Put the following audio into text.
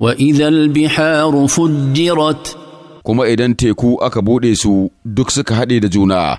وإذا البحار فجرت كما إذا تيكو أكبوديسو دكسك هدي دجونا